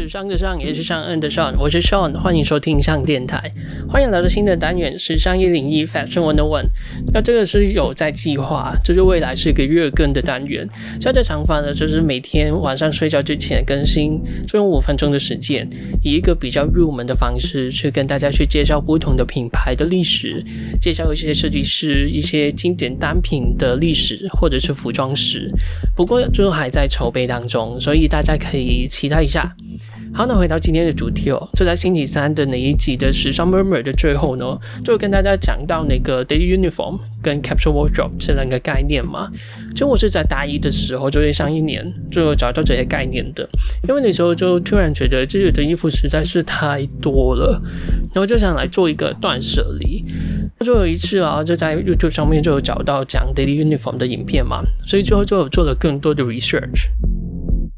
時尚的尚也是尚恩的尚，我是 Sean，歡迎收聽尚電台，歡迎來到新的單元——時尚一零一 Fashion One On One。那這個是有在計劃，就是未來是一個月更的單元。現在想法呢，就是每天晚上睡覺之前更新，就用五分鐘的時間，以一個比較入門的方式去跟大家去介紹不同的品牌的歷史，介紹一些設計師一些經典單品的歷史或者是服裝史。不過就還在籌備當中，所以大家可以期待一下。好，那回到今天的主題哦。就在星期三的那一集的《時尚 murmur》的最後呢，就跟大家講到那個 daily uniform 跟 capsule wardrobe 這兩個概念嘛。就我是在大一的時候就上一年就找到這些概念的，因為那時候就突然覺得這裡的衣服實在是太多了，然後就想來做一個斷舍離。就有一次啊，就在 YouTube 上面就有找到講 daily uniform 的影片嘛，所以最後就有做了更多的 research。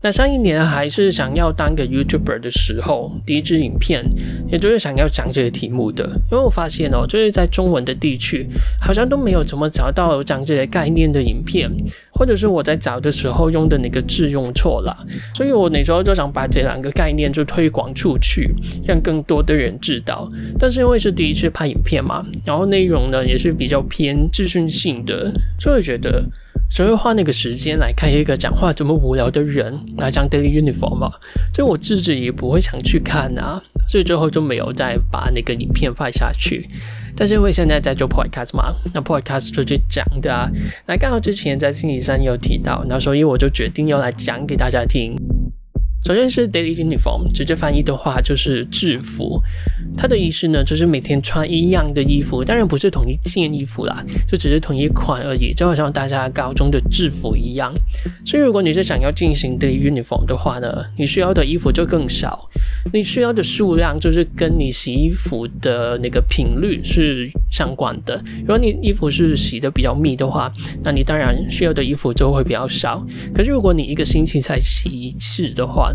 那上一年還是想要當個 YouTuber 的時候，第一支影片，也就是想要講這個題目的，因為我發現哦，就是在中文的地區，好像都沒有怎麼找到講這些概念的影片，或者是我在找的時候用的那個字用錯了，所以我那時候就想把這兩個概念就推廣出去，讓更多的人知道。但是因為是第一次拍影片嘛，然後內容呢也是比較偏資訊性的，所以我覺得。誰會花那個時間來看一個講話這麼無聊的人來講 Daily Uniform 嘛、啊？就我自己也不會想去看吶、啊，所以最後就沒有再把那個影片發下去。但是因為現在在做 Podcast 嘛，那 Podcast 就去講的、啊。那剛好之前在星期三有提到，那所以我就決定要來講給大家聽。首先是 Daily Uniform，直接翻譯的話就是制服。它的意思呢，就是每天穿一樣的衣服，當然不是同一件衣服啦，就只是同一款而已，就好像大家高中的制服一樣。所以，如果你是想要進行 Daily Uniform 的話呢，你需要的衣服就更少。你需要的數量就是跟你洗衣服的那個頻率是相關的。如果你衣服是洗得比較密的話，那你當然需要的衣服就會比較少。可是，如果你一個星期才洗一次的話，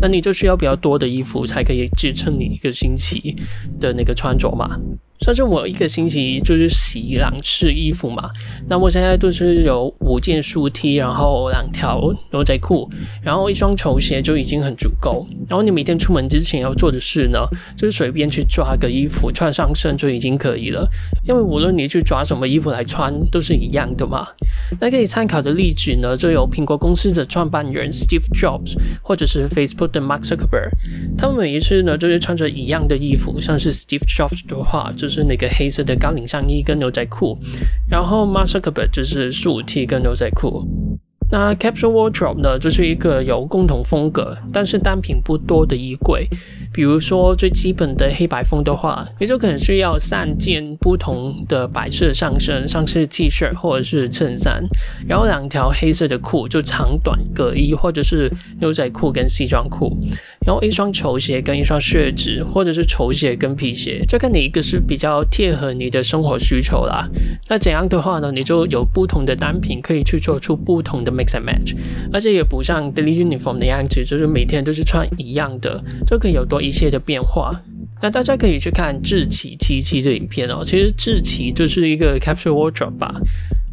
那你就需要比較多的衣服才可以支撐你一個星期的那個穿着嘛。算是我一個星期就是洗兩次衣服嘛。那我現在都是有五件素 T，然後兩條牛仔褲，然後一雙球鞋就已經很足夠。然後你每天出門之前要做的事呢，就是隨便去抓個衣服穿上身就已經可以了。因為無論你去抓什麼衣服來穿，都是一樣的嘛。那可以參考的例子呢，就有蘋果公司的創辦人 Steve Jobs 或者是 Facebook 的 Mark Zuckerberg。他們每一次呢，就是穿着一樣的衣服。像是 Steve Jobs 的話，就就是那個黑色的高領上衣跟牛仔褲，然後 Marc Jacobs 就是素 T 跟牛仔褲。那 capsule wardrobe 呢，就是一個有共同風格，但是單品不多的衣櫃。比如說最基本的黑白風的話，你就可能需要三件不同的白色上身，像是 T 恤或者是襯衫，然後兩條黑色的褲，就長短各一，或者是牛仔褲跟西裝褲。然後一雙球鞋跟一雙靴子，或者是球鞋跟皮鞋，就看你一個是比較貼合你的生活需求啦。那怎樣的話呢，你就有不同的單品可以去做出不同的 mix and match，而且也不像 daily uniform 的樣子，就是每天都是穿一樣的，就可以有多一些的變化。那大家可以去看志奇七七的影片哦，其實志奇就是一個 capsule wardrobe 吧，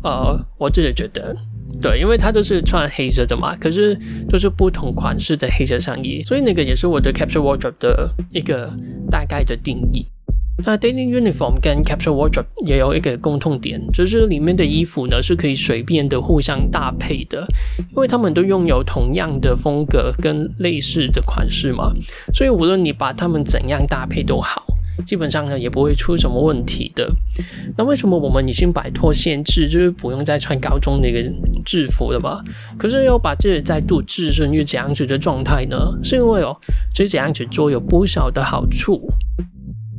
呃，我自己覺得。對，因為它都是穿黑色的嘛，可是都是不同款式的黑色上衣，所以那個也是我對 capsule wardrobe 的一個大概的定義。那 daily uniform 跟 capsule wardrobe 也有一個共通點，就是裡面的衣服呢是可以隨便的互相搭配的，因為他們都擁有同樣的風格跟類似的款式嘛，所以無論你把它們怎樣搭配都好。基本上呢也不會出什麼問題的。那為什麼我們已經擺脫限制，就是不用再穿高中的一個制服了吧？可是要把自己再度置身於這樣子的狀態呢？是因為哦，這、就是、這樣子做有不少的好處。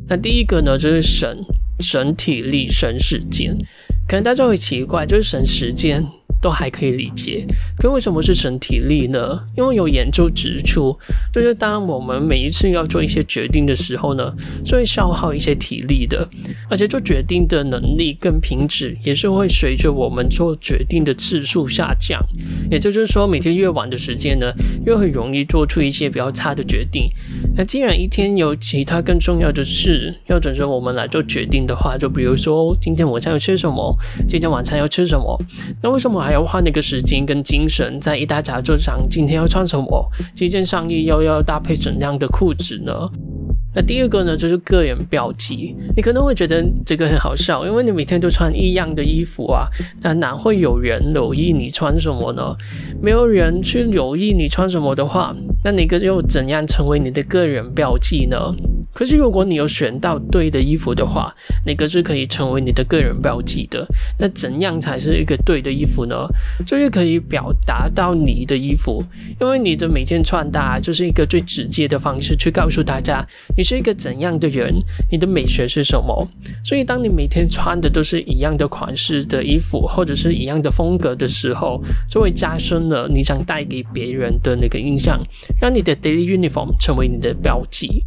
那第一個呢，就是省省體力、省時間。可能大家會奇怪，就是省時間。都還可以理解，可為什麼是成體力呢？因為有研究指出，就是當我們每一次要做一些決定的時候呢，是會消耗一些體力的，而且做決定的能力跟品質也是會隨着我們做決定的次數下降。也就是說，每天越晚的時間呢，越很容易做出一些比較差的決定。那既然一天有其他更重要的事要等着我們來做決定的話，就比如說今天午餐要吃什麼，今天晚餐要吃什麼？那為什麼還要花那個時間跟精神在一大早做上今天要穿什麼，這件上衣又要，要搭配怎樣的褲子呢？那第二個呢，就是個人標記。你可能會覺得這個很好笑，因為你每天都穿一樣的衣服啊，那哪會有人留意你穿什麼呢？沒有人去留意你穿什麼的話，那你又怎樣成為你的個人標記呢？可是，如果你有選到對的衣服的話，那個是可以成為你的個人標記的。那怎樣才是一個對的衣服呢？就是可以表達到你的衣服，因為你的每天穿搭就是一個最直接的方式去告訴大家你是一個怎樣的人，你的美學是什麼。所以，當你每天穿的都是一樣的款式的衣服，或者是一樣的風格的時候，就會加深了你想帶給別人的那個印象，讓你的 daily uniform 成為你的標記。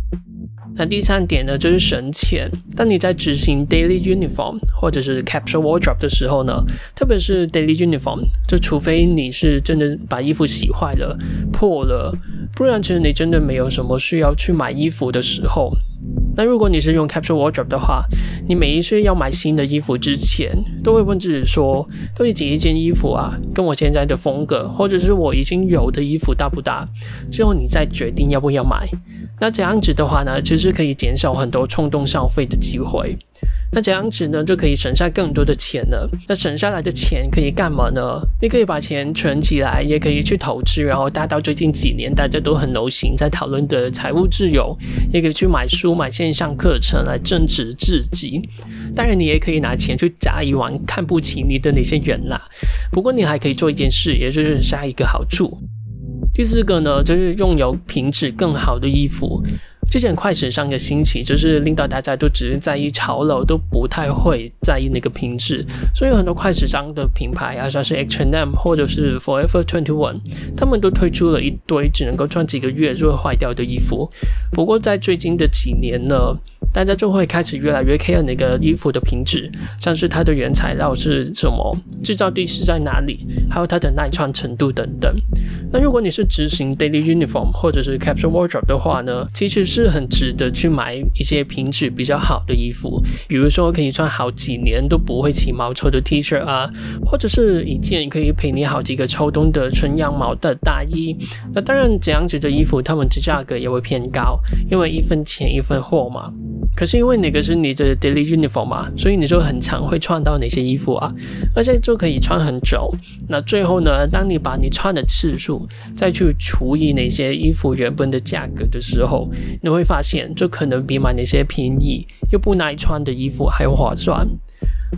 那第三點呢，就是省錢。當你在執行 daily uniform 或者是 capsule wardrobe 的時候呢，特別是 daily uniform，就除非你是真的把衣服洗壞了、破了。不然，其實你真的沒有什麼需要去買衣服的時候。那如果你是用 Capsule Wardrobe 的話，你每一次要買新的衣服之前，都會問自己說：到底這一件衣服啊，跟我現在的風格，或者是我已經有的衣服搭不搭？最後你再決定要不要買。那這樣子的話呢，其實可以減少很多衝動消費的機會。那這樣子呢，就可以省下更多的錢了。那省下來的錢可以幹嘛呢？你可以把錢存起來，也可以去投資。然後，大家到最近幾年，大家都很流行在討論的財務自由，也可以去買書、買線上課程來增值自己。當然，你也可以拿錢去砸一碗看不起你的那些人啦、啊。不過，你還可以做一件事，也就是下一個好處。第四個呢，就是擁有品質更好的衣服。之前快時尚的興起，就是令到大家都只是在意潮流，都不太會在意那個品質。所以有很多快時尚的品牌啊，像是 H&M 或者是 Forever Twenty One，他們都推出了一堆只能夠穿幾個月就會壞掉的衣服。不過在最近的幾年呢，大家就會開始越來越 care 那個衣服的品質，像是它的原材料是什麼，制造地是在哪裡，還有它的耐穿程度等等。那如果你是執行 daily uniform 或者是 capsule wardrobe 的話呢，其實是很值得去買一些品質比較好的衣服，比如說可以穿好幾年都不會起毛球的 T 恤啊，或者是一件可以陪你好幾個秋冬的純羊毛的大衣。那當然，這樣子的衣服它們的價格也會偏高，因為一分錢一分貨嘛。可是因為那個是你的 Daily Uniform 嘛、啊，所以你就很常會穿到哪些衣服啊，而且就可以穿很久。那最後呢，當你把你穿的次數再去除以哪些衣服原本的價格的時候，你會發現這可能比買那些便宜又不耐穿的衣服還要划算。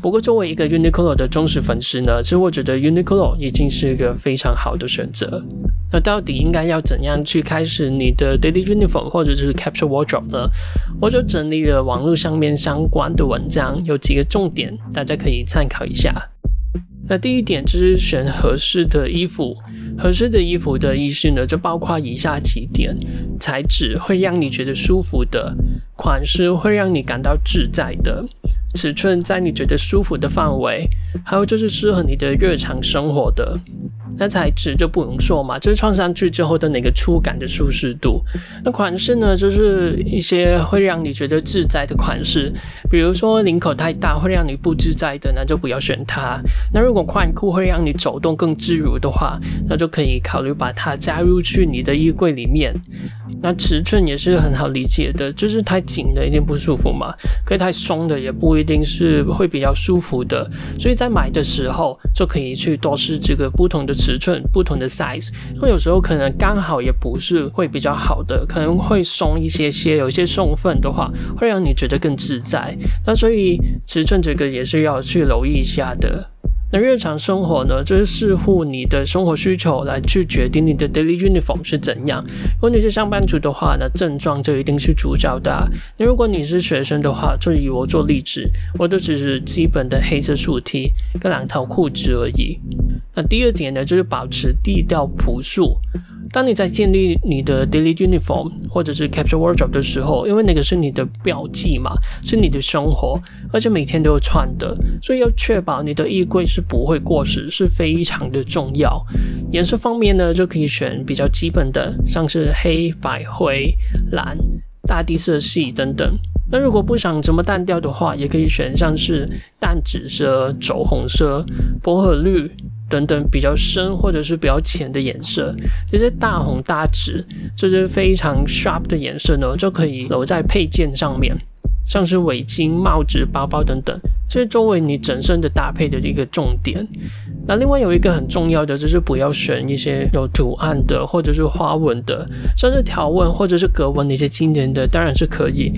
不過作為一個 Uniqlo 的忠實粉絲呢，其實我覺得 Uniqlo 已經是一個非常好的選擇。那到底應該要怎樣去開始你的 daily uniform 或者就是 capsule wardrobe 呢？我就整理了網絡上面相關的文章，有幾個重點，大家可以參考一下。那第一點就是選合適的衣服，合適的衣服的意思呢，就包括以下幾點：材質會讓你覺得舒服的，款式會讓你感到自在的，尺寸在你覺得舒服的範圍，還有就是適合你的日常生活的。那材質就不用說嘛，就是穿上去之後的那個觸感的舒適度。那款式呢，就是一些會讓你覺得自在的款式，比如說領口太大會讓你不自在的，那就不要選它。那如果寬褲會讓你走動更自如的話，那就可以考慮把它加入去你的衣櫃裡面。那尺寸也是很好理解的，就是太緊的一定不舒服嘛，可以太鬆的也不一定是會比較舒服的。所以在買的時候就可以去多試幾個不同的。尺寸不同的 size，因為有時候可能剛好也不是會比較好的，可能會鬆一些些，有一些鬆份的話，會讓你覺得更自在。那所以尺寸這個也是要去留意一下的。那日常生活呢，就是視乎你的生活需求來去決定你的 daily uniform 是怎樣。如果你是上班族的話，那正裝就一定是主角的啊。那如果你是學生的話，就以我做例子，我都只是基本的黑色素 T 跟兩條褲子而已。那第二點呢，就是保持低調樸素。當你在建立你的 daily uniform 或者是 capsule wardrobe 的時候，因為那個是你的標記嘛，是你的生活，而且每天都要穿的，所以要確保你的衣櫃是不會過時，是非常的重要。顏色方面呢，就可以選比較基本的，像是黑白灰、藍、大地色系等等。那如果不想這麼單調的話，也可以選像是淡紫色、酒紅色、薄荷綠。等等比較深或者是比較淺的顏色，這些大紅大紫，這些非常 sharp 的顏色呢，就可以留在配件上面，像是圍巾、帽子、包包等等，這是作為你整身的搭配的一個重點。那另外有一個很重要的就是不要選一些有圖案的或者是花紋的，像是條紋或者是格紋的一些經典的，當然是可以。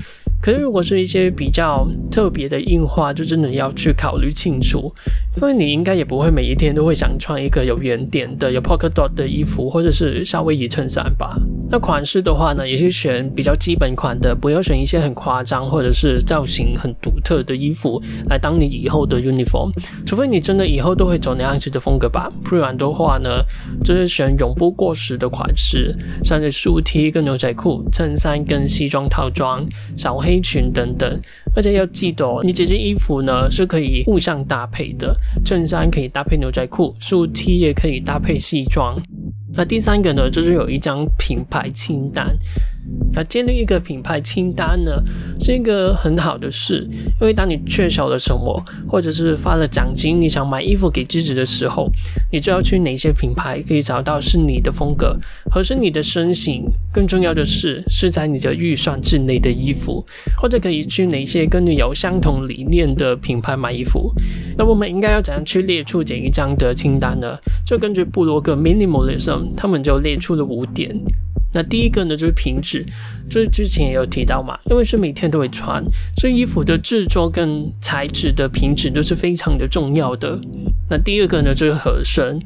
可是，如果是一些比較特別的印花，就真的要去考慮清楚，因為你應該也不會每一天都會想穿一個有圓點的、有 polka dot 的衣服，或者是夏威夷襯衫吧。那款式的話呢，也是選比較基本款的，不要選一些很誇張或者是造型很獨特的衣服來當你以後的 uniform。除非你真的以後都會走那樣子的風格吧。不然的話呢，就是選永不過時的款式，像是素 T 跟牛仔褲、襯衫跟西裝套裝、小黑 A 裙等等，而且要記得哦，你這件衣服呢是可以互相搭配的。襯衫可以搭配牛仔褲，素 T 也可以搭配西裝。那第三個呢，就是有一張品牌清單。那建立一個品牌清單呢，是一個很好的事，因為當你缺少了什麼，或者是發了獎金，你想買衣服給自己的時候，你就要去哪些品牌可以找到是你的風格，合適你的身形，更重要的是是在你的預算之內的衣服，或者可以去哪些跟你有相同理念的品牌買衣服。那我們應該要怎樣去列出這一張的清單呢？就根據部落格 Minimalism，他們就列出了五點。那第一個呢，就是品質，就是之前也有提到嘛，因為是每天都會穿，所以衣服的制作跟材質的品質都是非常的重要的。那第二個呢，就是合身。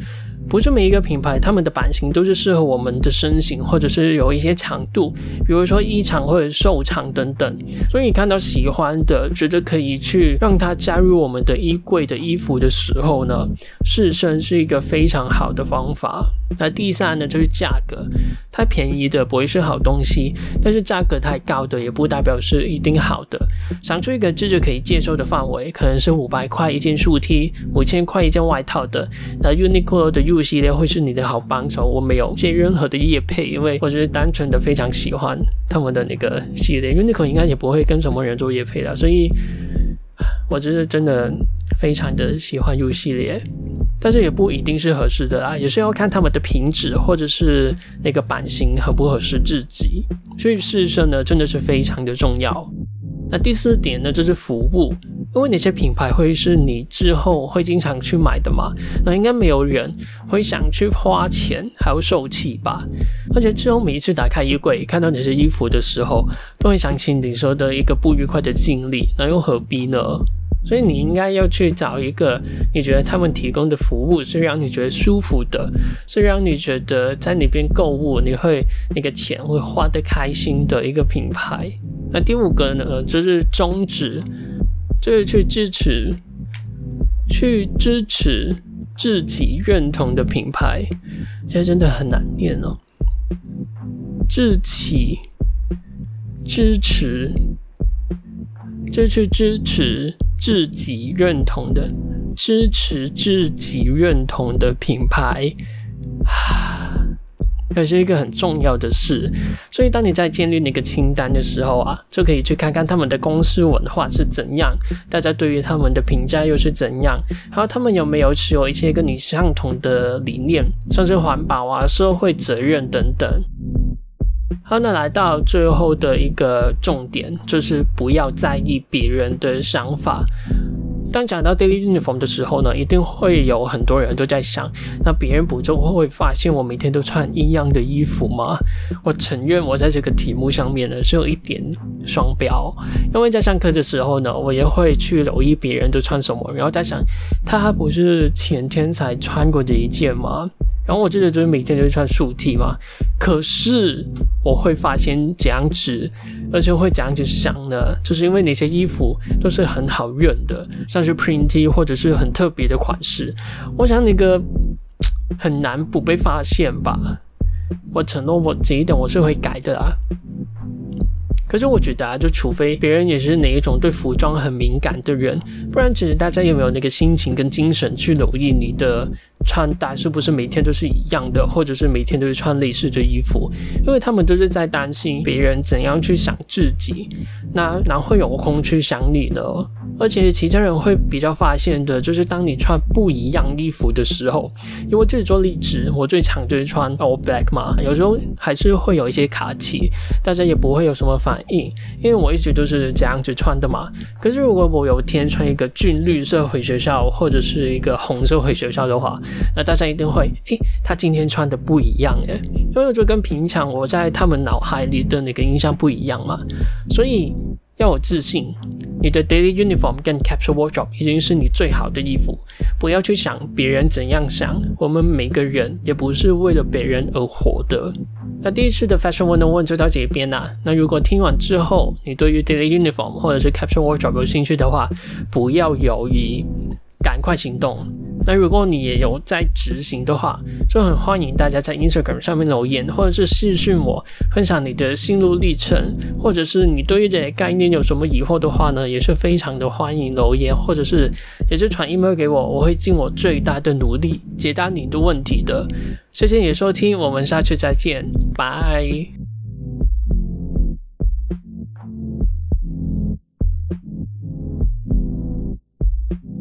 不是每一個品牌，他們的版型都是適合我們的身形，或者是有一些長度，比如說衣長或者瘦長等等。所以你看到喜歡的，覺得可以去讓它加入我們的衣櫃的衣服的時候呢，試身是一個非常好的方法。那第三呢，就是價格，太便宜的不會是好東西，但是價格太高的也不代表是一定好的，想出一個自己可以接受的範圍，可能是五百塊一件素 T，五千塊一件外套的。那 Uniqlo 的 U 入系列會是你的好幫手，我沒有接任何的業配，因為我是單純的非常喜歡他們的那個系列，因為那款應該也不會跟什麼人做業配的，所以我覺得真的非常的喜歡入系列，但是也不一定是合適的啦，也是要看他們的品質或者是那個版型合不合適自己，所以試色呢真的是非常的重要。那第四點呢，就是服務。因為哪些品牌會是你之後會經常去買的嘛？那應該沒有人會想去花錢還有受氣吧？而且之後每一次打開衣櫃看到那些衣服的時候，都會想起你說的一個不愉快的經歷，那又何必呢？所以你應該要去找一個你覺得他們提供的服務是讓你覺得舒服的，是讓你覺得在那邊購物你會那個錢會花得開心的一個品牌。那第五個呢，呃，就是宗旨。就去支持，去支持自己認同的品牌，這真的很難念哦、喔。自己支持，支持支持自己認同的，支持自己認同的品牌，啊。也是一個很重要的事，所以當你在建立那個清單的時候啊，就可以去看看他們的公司文化是怎樣，大家對於他們的評價又是怎樣，還有他們有沒有持有一些跟你相同的理念，甚至環保啊、社會責任等等。好，那來到最後的一個重點，就是不要在意別人的想法。當講到 daily uniform 的時候呢，一定會有很多人都在想，那別人不就會發現我每天都穿一樣的衣服嗎？我承認我在這個題目上面呢，是有一點雙標，因為在上課的時候呢，我也會去留意別人都穿什麼，然後在想，他不是前天才穿過這一件嗎？然後我記得就是每天就是穿素 T 嘛，可是我會發現這樣子，而且會這樣子想的，就是因為那些衣服都是很好認的，像是 Print T 或者是很特別的款式，我想那個很難不被發現吧。我承諾我這一點我是會改的啊。可是我覺得，啊，就除非別人也是哪一種對服裝很敏感的人，不然其實大家也沒有那個心情跟精神去留意你的穿搭是不是每天都是一樣的，或者是每天都是穿類似的衣服，因為他們都是在擔心別人怎樣去想自己，那然後會有空去想你呢？而且其他人會比較發現的就是，當你穿不一樣衣服的時候，因為自己做例子，我最常就是穿 all black 嘛，有時候還是會有一些卡其，大家也不會有什麼反應，因為我一直都是這樣子穿的嘛。可是如果我有天穿一個軍綠色回學校，或者是一個紅色回學校的話，那大家一定會，誒、欸，他今天穿的不一樣誒，因為我就跟平常我在他們腦海裡的那個印象不一樣嘛。所以要有自信。你的 daily uniform 跟 capsule wardrobe 已經是你最好的衣服，不要去想別人怎樣想。我們每個人也不是為了別人而活的。那第一次的 fashion 101就到這邊啦、啊。那如果聽完之後，你對於 daily uniform 或者是 capsule wardrobe 有興趣的話，不要猶豫，趕快行動。那如果你也有在執行的話，就很歡迎大家在 Instagram 上面留言，或者是私訊我分享你的心路歷程，或者是你對於這些概念有什麼疑惑的話呢，也是非常的歡迎留言，或者是也是傳 email 給我，我會盡我最大的努力解答你的問題的。謝謝你的收聽，我們下次再見，拜。